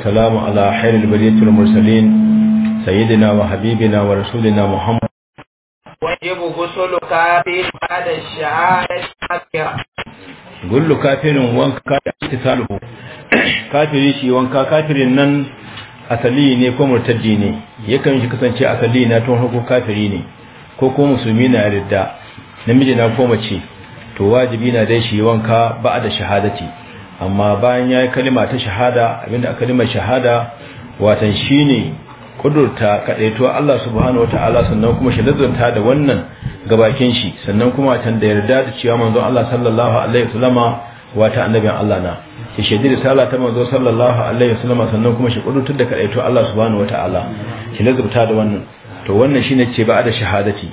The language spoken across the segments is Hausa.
والسلام على خير البرية المرسلين سيدنا وحبيبنا ورسولنا محمد ويجب غسل كافر بعد الشهادة gullu kafirin wanka da istisaluhu kafiri shi wanka kafirin nan asali ne ko murtaddi ne yakan shi kasance asali na tun hako kafiri ne ko ko musulmi na ridda namiji na ko mace to wajibi na dai shi wanka ba da shahadati amma bayan ya yi kalima ta shahada abinda a kalimar shahada watan shi ne kudurta, kaɗaituwa Allah subhanahu ta'ala sannan kuma shi lazarta da wannan gabakin shi sannan kuma watan da yarda da cewa manzon Allah sallallahu alaihi wasallama wata annabin Allah na shi shaidi risala ta manzo sallallahu alaihi wasallama sannan kuma shi ƙudurtar da kaɗaituwa Allah subhanahu wata'ala shi lazarta da wannan to wannan shine ce ba da shahadati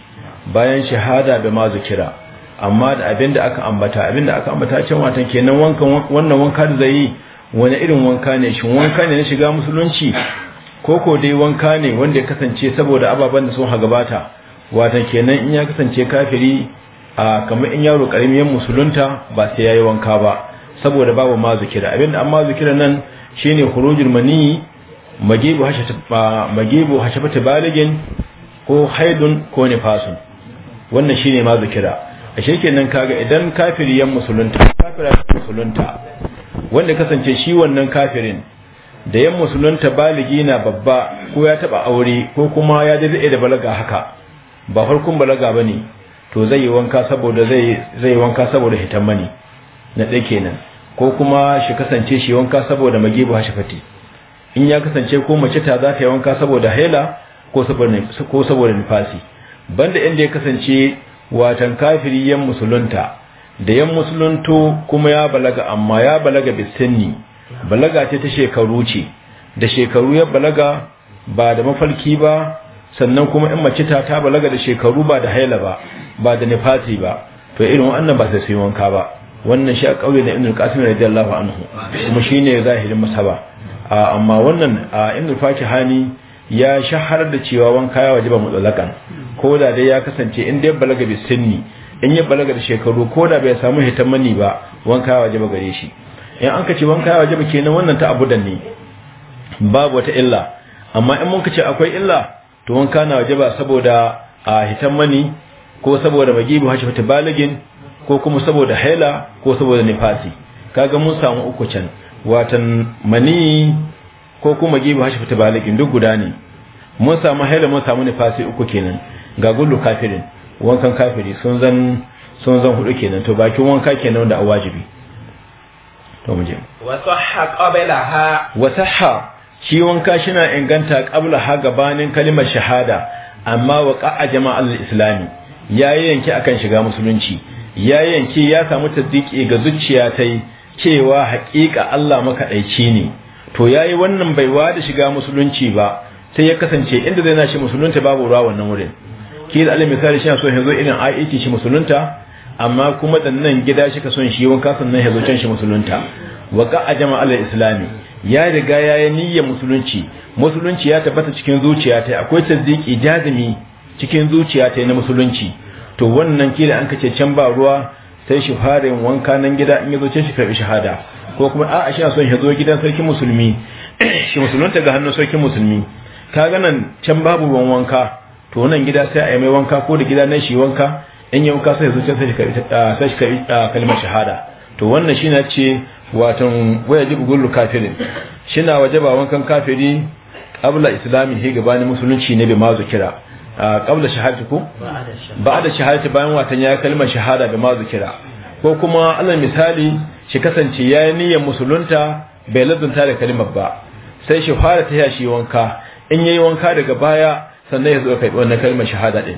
bayan shahada da ma zikira amma da abin da aka ambata abin da aka ambata can watan kenan wankan wannan wanka da zai yi wani irin wanka ne shin wanka ne na shiga musulunci ko ko dai wanka ne wanda ya kasance saboda ababen da sun ha gabata watan kenan in ya kasance kafiri a kamar in yaro karamin musulunta ba sai yayi wanka ba saboda babu ma zikira abin da amma zikira nan shine khurujul mani magibu hashata magibu hashabata baligin ko haidun ko nifasun wannan shine ma zikira ashe kenan kaga idan kafiri yan musulunta kafira ya musulunta wanda kasance shi wannan kafirin da yan musulunta baligi na babba ko ya taba aure ko kuma ya dade da balaga haka ba farkon balaga bane to zai yi wanka saboda zai zai wanka saboda hitan mani na dai kenan ko kuma shi kasance shi wanka saboda magibu hashifati in ya kasance ko mace ta za ta yi wanka saboda haila ko saboda ko saboda nifasi banda inda ya kasance watan kafiri yan musulunta da yan musulunto kuma ya balaga amma ya balaga bisinni balaga ce ta shekaru ce da shekaru ya balaga ba da mafalki ba sannan kuma in mace ta ta balaga da shekaru ba da haila ba ba da nifasi ba to irin wannan ba sai sai wanka ba wannan shi a kauye na ibnul qasim radiyallahu anhu kuma shine zahirin masaba amma wannan ibnul fakihani ya shaharar da cewa wanka ya wajiba mutsalakan ko da dai ya kasance in ya balaga bi sinni in ya balaga da shekaru ko da bai samu mani ba wanka ya wajiba gare shi in an kace wanka ya wajiba kenan wannan ta abu ne babu wata illa amma in mun kace akwai illa to wanka na wajiba saboda a hitamani ko saboda magibu hashi fata balagin ko kuma saboda haila ko saboda nifasi kaga mun samu uku can watan mani ko kuma gibi hashi fita balikin duk guda ne mun samu haila mun samu nifasi uku kenan ga gullu kafirin wankan kafiri sun zan sun zan hudu kenan to bakin wanka kenan da wajibi to mu je wa qablaha wa shi wanka shina inganta qabla ha gabanin kalimar shahada amma wa qa'a jama'al islami yayi yanki akan shiga musulunci yayi yanki ya samu tasdiki ga zuciya tai cewa haƙiƙa Allah makaɗaici ne to yayi wannan bai wa da shiga musulunci ba sai ya kasance inda zai na shi musulunta babu ruwa wannan wurin ki da alim misali shi so yazo irin aiki e shi musulunta amma kuma da nan gida shi ka son shi wanka sannan yazo can shi musulunta waka a jama'al islami ya riga ya yi niyyar musulunci musulunci ya tabbata cikin zuciya ta akwai tazdiki jazimi cikin zuciya ta na musulunci to wannan kila an kace can ba ruwa sai shi fara yin wanka nan gida in yazo can shi karbi shahada ko kuma a'a shi son ya zo gidan sarkin musulmi shi ta ga hannun sarkin musulmi ka ganan can babu ban wanka to nan gida sai a yi mai wanka ko da gida na shi wanka in yi wanka sai zuciya sai shi karbi kalmar shahada to wannan shi na ce watan waya jibu gullu kafirin shi na waje ba wankan kafiri abula islami he gabani musulunci ne bai kira a Kabla shahadatu ko ba'da shahadatu bayan watan ya kalmar shahada bai mazu kira ko kuma alal misali shi kasance ya yi niyyar musulunta bai lazunta da kalimar ba sai shi fara ta yashi wanka in yayi wanka daga baya sannan ya zo kai wannan kalmar shahada din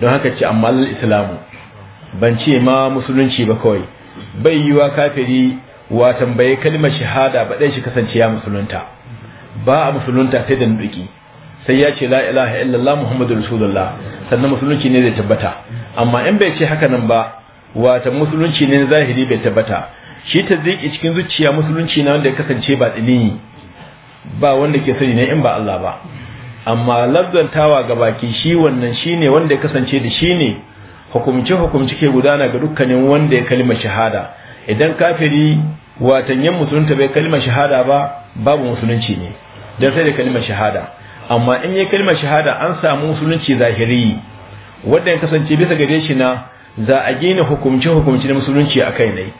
don haka ce amma al-islamu ban ce ma musulunci ba kawai bai yiwa kafiri wa tambaye kalmar shahada ba dai shi kasance ya musulunta ba a musulunta sai da nuki sai ya ce la ilaha illallah muhammadur rasulullah sannan musulunci ne zai tabbata amma in bai ce haka nan ba wata musulunci ne zahiri bai tabbata shi ta taziki cikin zuciya musulunci na wanda ya kasance ba tsini ba wanda ke sani ne in ba Allah ba amma lardantawa ga baki shi wannan shi ne wanda ya kasance da shi ne hukumci hukumci ke gudana ga dukkanin wanda ya kalma shahada idan kafiri watan musulunta bai kalma shahada ba babu musulunci ne don sai da kalima shahada amma in yi kalima shahada an samu musulunci zahiri wadda ya kasance bisa gare shi na za a gina hukumci hukumci na musulunci a kai ne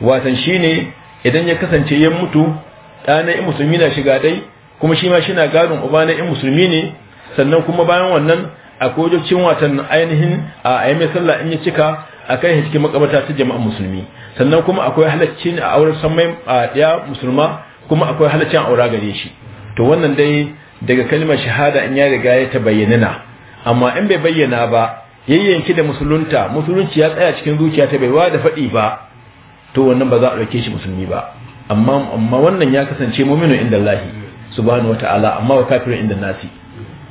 watan shine idan ya kasance ya mutu ɗana in musulmi na shiga dai kuma shi ma shina gadon uba na in musulmi ne sannan kuma bayan wannan akwai wajibcin watan ainihin a ayyami sallah in ya cika a kai cikin makabarta ta jama'an musulmi sannan kuma akwai halacci a auren samai a ɗaya musulma kuma akwai halaccin aura gare shi to wannan dai daga kalmar shahada in ya riga ya ta bayyana na amma in bai bayyana ba yayyanki da musulunta musulunci ya tsaya cikin zuciya ta bai wa da faɗi ba to wannan ba za a ɗauke shi musulmi ba amma amma wannan ya kasance mu'minu inda Allah subhanahu wata'ala amma wa kafirin inda nasi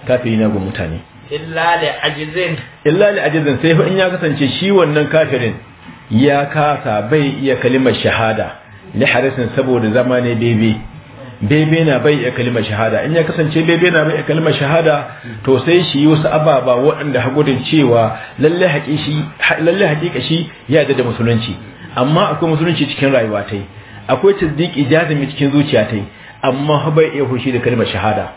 kafiri na ga mutane illa li ajizin illa li ajizin sai in ya kasance shi wannan kafirin ya kasa bai iya kalimar shahada li harisin saboda zamanin bebe bebe na bai iya kalimar shahada in ya kasance bebe na bai iya kalimar shahada to sai shi yi wasu ababa waɗanda haƙurin cewa lalle haƙiƙa shi ya da musulunci amma akwai musulunci cikin rayuwa ta akwai tasdiki jazimi cikin zuciya ta amma bai iya hushi da kalmar shahada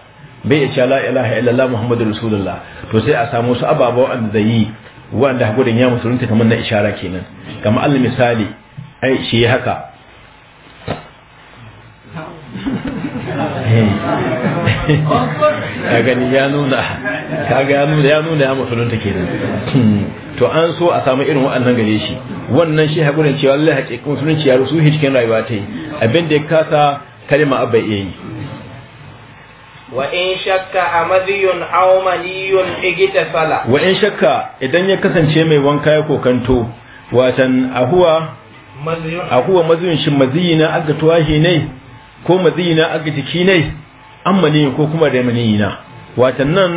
bai iya la ilaha illallah muhammadu rasulullah to sai a samu su ababa wanda zai yi wanda hakurin ya musulunta kamar na ishara kenan kamar allah misali ai shi haka ya eh. gani ya nuna kaga ya nuna ya nuna ya musulunta kenan to an so a samu irin waɗannan gare shi wannan shi hakurin cewa Allah hakikun musulunci ya rusu hi cikin rayuwa ta yi abin da ya kasa kalma abai iya yi wa in shakka amadiyun aw maniyun igita sala wa in shakka idan ya kasance mai wanka ya kokanto watan ahuwa ahuwa maziyun shin maziyina aga tuwahi ne ko maziyina aga jiki ne amma ne ko kuma da maniyina watan nan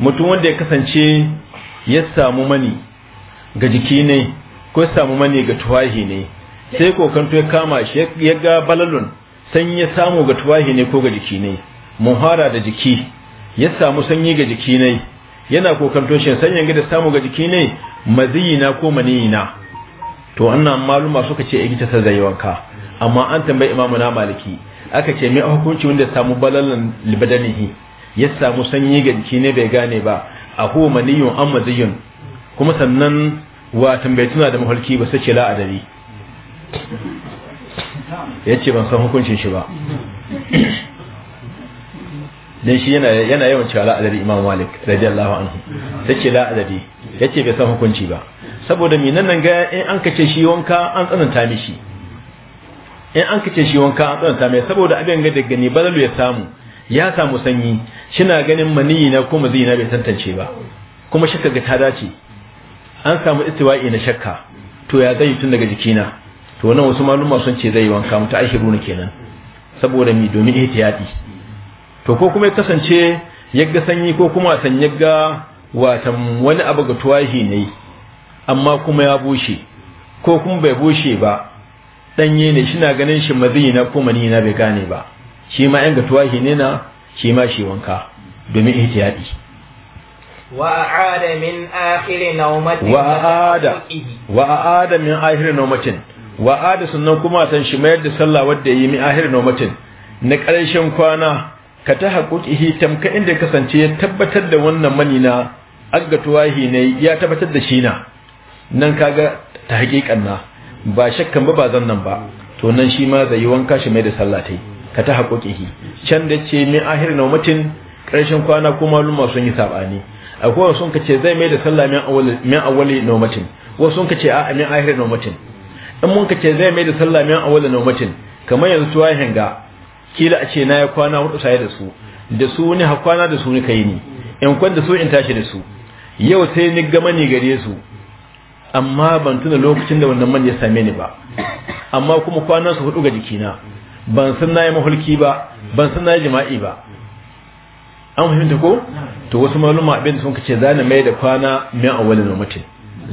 mutum wanda ya kasance ya samu mani ga jiki ne ko ya samu mani ga tuwahi ne sai kokanto ya kama shi ya ga balalun sanyi ya samu ga tuwahi ne ko ga jiki ne muhara da jiki ya samu sanyi ga jiki ne yana kokanto shi sanyin ga da samu ga jiki ne maziyina ko maniyina to wannan maluma suka ce ita ta zai wanka amma an tambayi imamu na maliki aka ce mai hukunci wanda ya samu balalan libadanihi ya samu sanyi ga jiki ne bai gane ba a hu maniyun an maziyun kuma sannan watan bai tuna da mahalki ba sai ce la adari ya ce ban san hukuncin shi ba dan shi yana yawan cewa la adari imam malik radiyallahu anhu sai ce la adari ya ce bai san hukunci ba saboda minan nan ga in an kace shi wanka an tsananta mishi in an kace shi wanka an tsananta mai saboda abin ga daga ne balalu ya samu ya samu sanyi shina ganin maniyi na ko maziyi na bai tantance ba kuma shakka ga ta dace an samu istiwa'i na shakka to ya zai tun daga jikina to wannan wasu maluma sun ce zai wanka mu ta ahiru ne kenan saboda mi domin ihtiyadi to ko kuma ya kasance yagga sanyi ko kuma san yagga watan wani abu ga tuwahi ne amma kuma ya bushe ko kuma bai bushe ba danye ne shina ganin shi maziyi ko manina bai gane ba shi ma yan ga tuwahi ne na shi ma shi wanka domin ihtiyadi wa'ada min akhir nawmatin wa'ada wa'ada min akhir wa'ada sannan kuma san shi mayar da sallah wanda yi min akhir na ƙarshen kwana ka ta hitam ka inda kasance ya tabbatar da wannan manina hi ne ya tabbatar da shi na nan kaga ta haƙiƙan na ba shakkan ba ba zan nan ba to nan shi ma zai yi wanka shi mai da sallah ta yi ka ta haƙoƙihi can da ce min ahir na mutum ƙarshen kwana ko maluma sun yi saɓani akwai wasu ka ce zai mai da sallah min awali na mutum wasu ka ce a min ahir na mutum in mun ka ce zai mai da sallah min awali na mutum kamar yanzu tuwa hanga kila a ce na ya kwana hudu saye da su da su ni ha kwana da su ni yi ni in kwan da su in tashi da su yau sai ni gama ni gare su amma ban tuna lokacin da wannan man ya same ni ba amma kuma kwanan su hudu ga jikina ban san na yi mahulki ba ban san na yi jima'i ba an fahimta ko to wasu maluma abin da sun ce za ni mai da kwana min awwalin mutum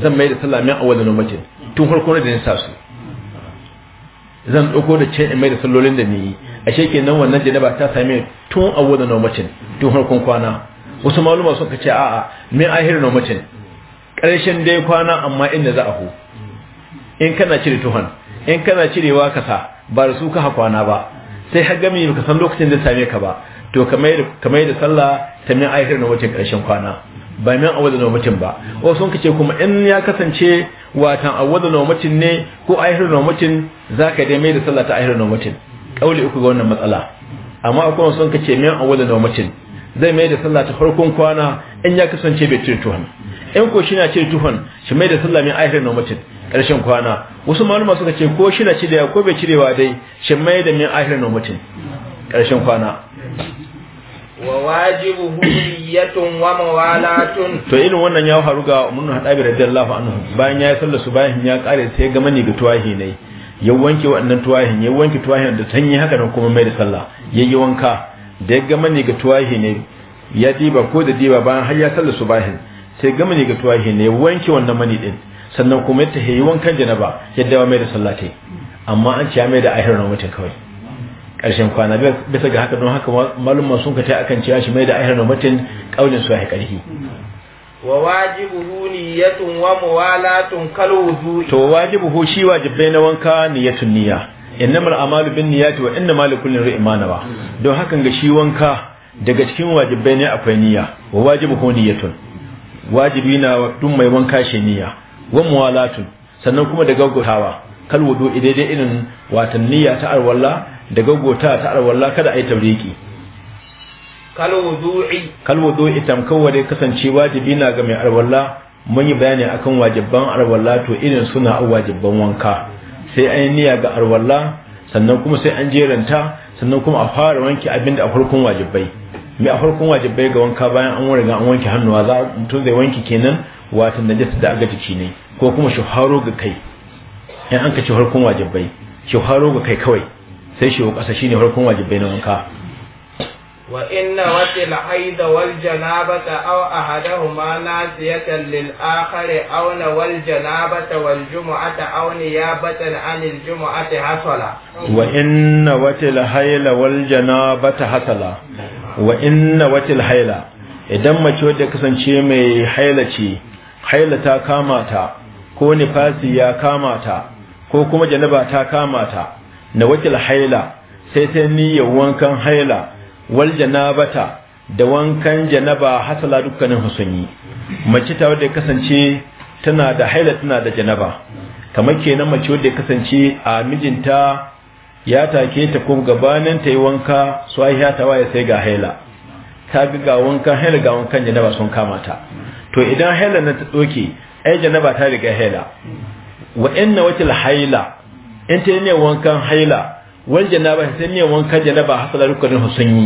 zan mai da sallah min awwalin mutum tun farko da ni sa su zan dauko da ce in mai da sallolin da ni ashe nan wannan janaba ta same tun awwalin mutum tun farkon kwana wasu maluma sun ka ce, a'a min ahirin mutum karshen dai kwana amma inda za a hu in kana cire tuhan in kana cirewa kasa ba da su ka hakwana ba sai har gami ka san lokacin da same ka ba to kamar da sallah ta min aikar na wacin karshen kwana ba min a na mutum ba wasu sun ce kuma in ya kasance watan a na mutum ne ko aikar na za ka dai mai da sallah ta aikar na mutum kauli uku ga wannan matsala amma kuma sun ce min a na mutum zai mai da sallah ta farkon kwana in ya kasance bai cire tuhon in ko shi na cire tuhon shi mai da sallah min aikar na mutum Karshen kwana wasu maluma suka ce ko shi na cirewa ko bai cirewa dai shin mai da min ahirin na mutum karshen kwana wa wajibu huriyatun wa mawalatun to irin wannan ya faru ga munnu hadabi radiyallahu anhu bayan ya sallar su bayan ya kare sai ya gama ni ga tuwahi ne ya wanke wannan tuwahin ya wanke tuwahin da sanyi haka da kuma mai da sallah ya yi wanka da ya gama ni ga tuwahi ne ya diba ko da diba bayan har ya sallar su bayan sai gama ni ga tuwahi ne wanke wannan mani din sannan kuma ya yi wankan janaba yadda ya mai da sallah amma an ce ya mai da ahirin mutum kawai ƙarshen kwana bisa ga haka don haka malumma sun ka tai akan cewa shi mai da ahirin mutum ƙaunin su ya ƙarfi. wa wajibu wajibuhu niyyatun wa muwalatun kal wudu'i to wajibu wajibuhu shi wajibai na wanka niyyatun niyya innamal a'malu bin niyyati wa innamal likulli imrin ma nawa don haka ga shi wanka daga cikin wajibai ne akwai niyya wa wajibu wajibuhu niyyatun wajibi na duk mai wanka shi niyya wa muwalatun sannan kuma da gaggautawa kal wudu daidai irin watan niyya ta alwala da gaggauta ta alwala kada ai tabriki kal wudu'i kal kawai tamkawa dai kasance wajibi na ga mai alwala mun yi bayani akan wajibban alwala to irin suna wajibban wanka sai an niyya ga alwala sannan kuma sai an jeranta sannan kuma a fara wanke abin da a farkon wajibai mai a farkon wajibai ga wanka bayan an riga an wanke hannuwa za mutum zai wanke kenan wata najasa da aga jiki ne ko kuma shuharo ga kai in an ka ci harkun wajibai shuharo ga kai kawai sai shi ƙasa ne harkun wajibai na wanka wa inna watil haida wal janabata aw ahaduhuma nasiyatan lil akhar aw wal janabata wal jumu'ata aw niyabatan anil jumu'ati hasala wa inna watil haila wal janabata hasala wa inna watil haila idan mace wadda kasance mai haila ce haila ta kama ta ko nifasi ya kamata, ko kuma janaba ta kama ta na wakil haila sai ta niyyar wankan haila wal janabata da wankan janaba hasala dukkanin husunyi mace ta wadda kasance tana da haila tana da janaba kamar kenan mace wadda kasance a mijinta ya take ta ko gabanin ta yi wanka su ta waye sai ga haila ta ga wankan haila ga wankan janaba sun kama ta to idan haila na ta tsoke ai janaba ta riga haila wa inna watil haila in ta ne wankan haila wan janaba ta ne wankan janaba hasala rukunin husayni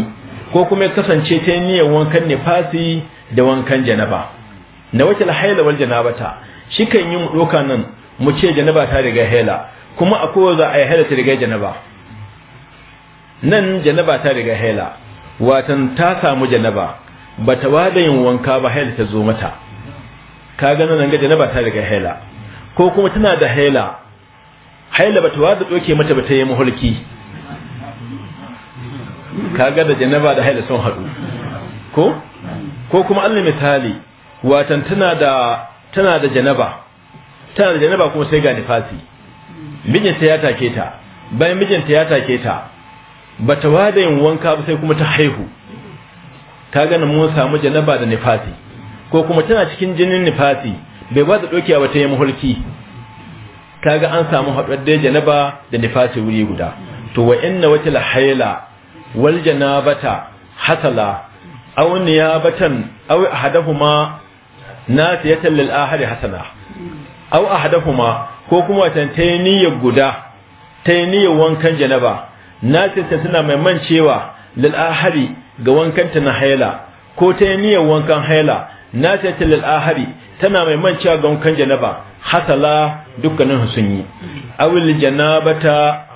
ko kuma kasance ta ne wankan nifasi da wankan janaba na watil haila wal janabata shi kan yi mu doka nan mu ce janaba ta riga haila kuma akwai za a yi haila ta riga janaba nan janaba ta riga haila watan ta samu janaba ba ta wada yin wanka ba haila ta zo mata ka gano nan ga janaba ta daga haila ko kuma tana da haila haila bata wada doke mata bata yi mahulki. ka ga da janaba da haila sun haɗu ko ko kuma allah misali watan tana da tana da janaba tana da janaba kuma sai ga nifasi mijinta ya take ta bayan mijinta ya take ta bata wada yin wanka ba sai kuma ta haihu ta gana mun samu janaba da nifasi ko kuma tana cikin jinin nifasi bai ba ta dokiya ba ta yi Ta kaga an samu haɗuwar da janaba da nifasi wuri guda to wa inna wata lahaila wal janabata hasala aw niyabatan aw ahaduhuma nasiyatan lil ahadi hasana aw ahaduhuma ko kuma wata tayniya guda tayniya wankan janaba nasiyatan tana mai mancewa lil ahadi ga wankan ta na haila ko tayniya wankan haila nasiyatan lil ahari tana mai mancewa ga wankan janaba hasala dukkanin sun yi awil janabata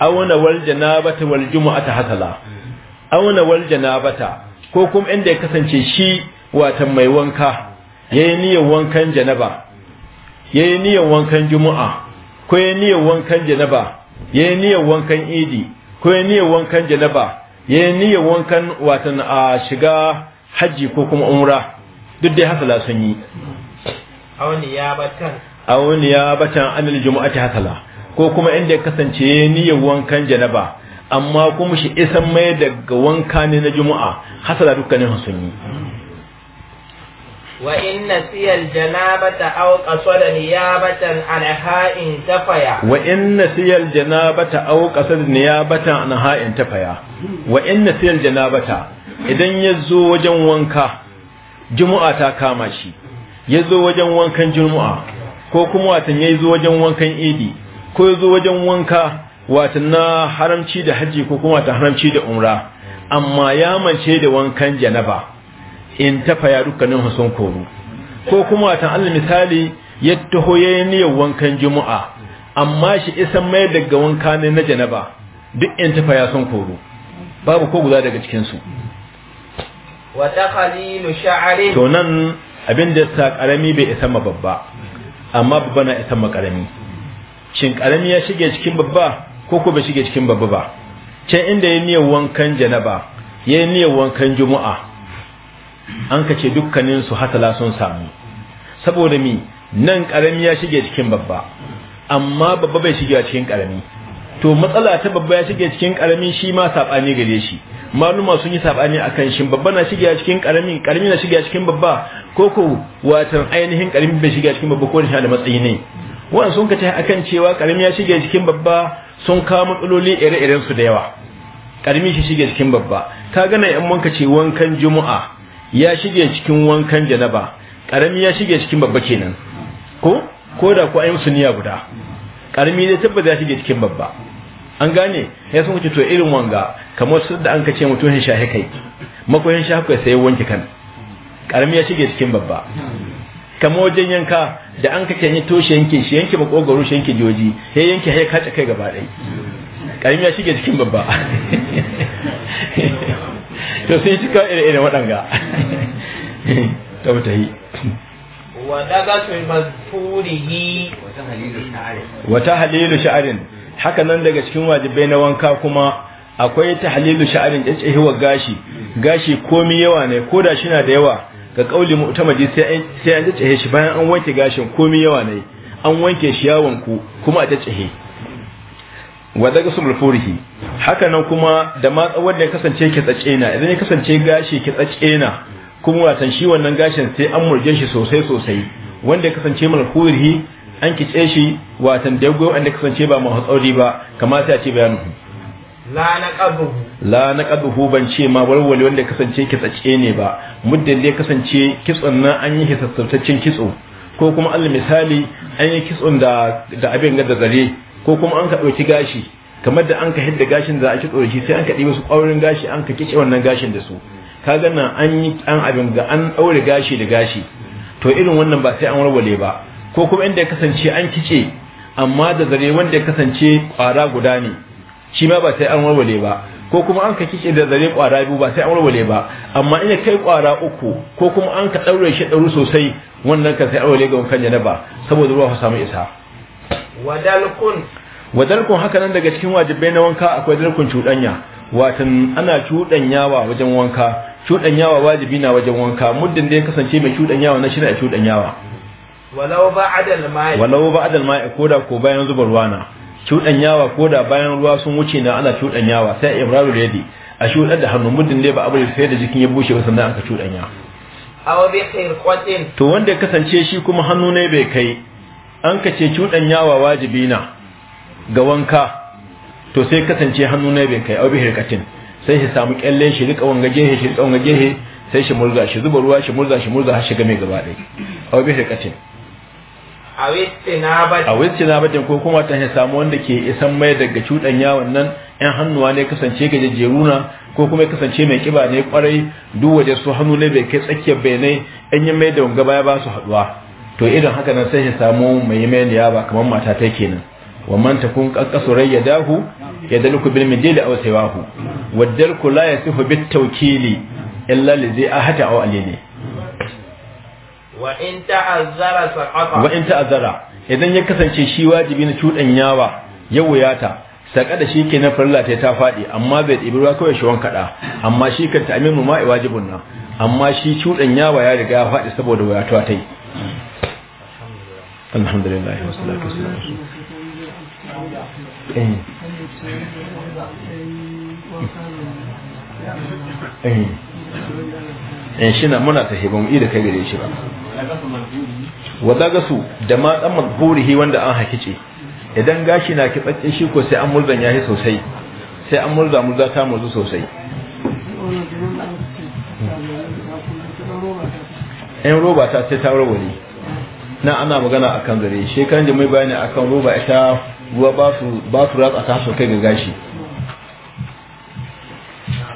auna wal janabata wal jumu'ata hasala auna wal janabata ko kuma inda ya kasance shi watan mai wanka yayi niyyar wankan janaba yayi niyyar wankan jumu'a ko yayi niyyar wankan janaba yayi niyyar wankan idi ko yayi niyyar wankan janaba yayi niyyar wankan watan a shiga haji ko kuma umra duk dai hasala sun yi A wani ya batan anil jumu'ati hasala ko kuma inda ya kasance niyyar wankan janaba amma kuma shi isan mai daga wanka ne na juma'a hasala dukkanin sun yi wa inna siyal janabata aw qasada niyabatan an ha'in tafaya wa in siyal janabata aw qasada niyabatan an ha'in tafaya wa inna siyal janabata idan yazo wajen wanka juma'a ta kama shi ya zo wajen wankan juma'a ko kuma watan ya zo wajen wankan idi ko ya zo wajen wanka watan na haramci da hajji ko kuma ta haramci da umra amma ya mance da wankan janaba in ta faya dukkanin hasun koru ko kuma watan allah misali ya taho ya yi niyyar wankan juma'a amma shi isan mai daga wanka ne na janaba duk in ta faya sun koru babu ko guda daga cikinsu wa taqalilu sha'ri to nan abin da sa karami bai isa ma babba amma babba na isa ma karami shin karami ya shige cikin babba ko ko bai shige cikin babba ba can inda ya niyyar wankan janaba ya niyyar wankan juma'a an ka ce dukkanin su hasala sun samu saboda mi nan karami ya shige cikin babba amma babba bai shige cikin karami to matsala ta babba ya shige cikin karami shi ma sabani gare shi maluma sun yi sabani kan shi babba na shiga cikin karamin karami na shiga cikin babba ko ko watan ainihin karami bai shiga cikin babba ko da da matsayi ne wannan sun kace akan cewa karami ya shiga cikin babba sun kawo matsaloli ire-iren su da yawa karami shi shiga cikin babba ka gana yan wanka ce wankan juma'a ya shiga cikin wankan janaba karami ya shiga cikin babba kenan ko ko da ku ayi musu niyya guda karami zai tabbata ya shige cikin babba an gane ya sun wuce to irin wanga kamar su da an kace mutum shahe kai makoyin shahe kai sai wanke kan karami ya shige cikin babba kamar wajen yanka da an kace ni toshe yankin shi yanke makogaro shi yanke joji ya yanke sai kace kai gaba dai karami ya shige cikin babba to sai cika irin waɗanga ta mata yi wata halilu sha'arin haka nan daga cikin wajibai na wanka kuma akwai tahlilu sha'anin tsahihwa gashi gashi komi yawa ne da shi na da yawa ga kauli ta maji sai an tsahe shi bayan an wanke gashin komi yawa ne an wanke shi yawon ku kuma a tsahe wa daga sumul furihi haka nan kuma da matsa wanda ya kasance ki tsace na idan ya kasance gashi ki tsace na kuma watan shi wannan gashin sai an murje shi sosai sosai wanda ya kasance mal furihi an kice shi watan da yago wanda kasance ba mu hatsauri ba kamata ya ce bayanu la naqabuhu la naqabuhu ban ce ma walwali wanda kasance kitsace ne ba muddin da kasance kitson nan an yi hisassautaccen kitso ko kuma al misali an yi kitson da da abin ga da zare ko kuma an ka dauki gashi kamar da an ka hidda gashin da ake kitso shi sai an ka dibe su ƙwaurin gashi an ka kice wannan gashin da su kaga ganna an yi an abin ga an daure gashi da gashi to irin wannan ba sai an warware ba ko kuma inda ya kasance an kice amma da zare wanda ya kasance kwara guda ne shi ma ba sai an warware ba ko kuma an ka kice da zare kwara biyu ba sai an warware ba amma ina kai kwara uku ko kuma an ka daure shi daure sosai wannan ka sai warware ga wankan ba. saboda ruwa samu isa wadalkun wadalkun haka nan daga cikin wajibai na wanka akwai dalkun cuɗanya watan ana cuɗanyawa wajen wanka cuɗanyawa wajibi na wajen wanka muddin da ya kasance mai cuɗanyawa na shi na cuɗanyawa walau adal ma'i walau ba'dal ma'i ko bayan zuba ruwa na ko da bayan ruwa sun wuce na ana yawa sai ibrahim da yadi a shudar da hannu muddin ne ba abin sai da jikin ya bushe ba sannan aka cudanya aw bi khirqatin to wanda ya kasance shi kuma hannu ne bai kai an kace yawa wajibi na ga wanka to sai kasance hannu ne bai kai aw bi khirqatin sai shi samu kyalle shi rika wanga gehe shi rika wanga gehe sai shi murza shi zuba ruwa shi murza shi murza har shiga mai gaba ɗaya aw bi khirqatin a wisti na batin ko kuma ta samu wanda ke isan mai daga cuɗan yawon nan yan hannuwa ne kasance ga na ko kuma kasance mai kiba ne kwarai duk waje su hannu ne bai kai tsakiyar bayanai yan yi mai da wanga baya ba su haɗuwa to idan haka nan sai ya samu mai mai da ba kamar mata ta kenan ومن تكون قصري bil يدلك aw أو wadalku la yasifu bit tawkili illa lizi ahata aw alini wa in ta'azzara idan ya kasance shi wajibi na yawa ya wuyata da shi kenan na farilla ta ta faɗi amma bai dibi ruwa kawai shi wankaɗa amma shi kan ta'amin mu wajibun nan amma shi yawa ya riga ya faɗi saboda wuyatuwa ta yi alhamdulillah wa salatu eh. in eh. eh, shi na muna tafi ba mu iya kai gare shi ba su da ma dan mazhurihi wanda an hakice idan gashi na kitsacce shi ko sai an murzan yahi sosai sai an murza murza ta murzu sosai in roba ta sai ta warware na ana magana akan gare shekaran da mai bayani akan roba ita ruwa ba su ratsa ta sosai ga gashi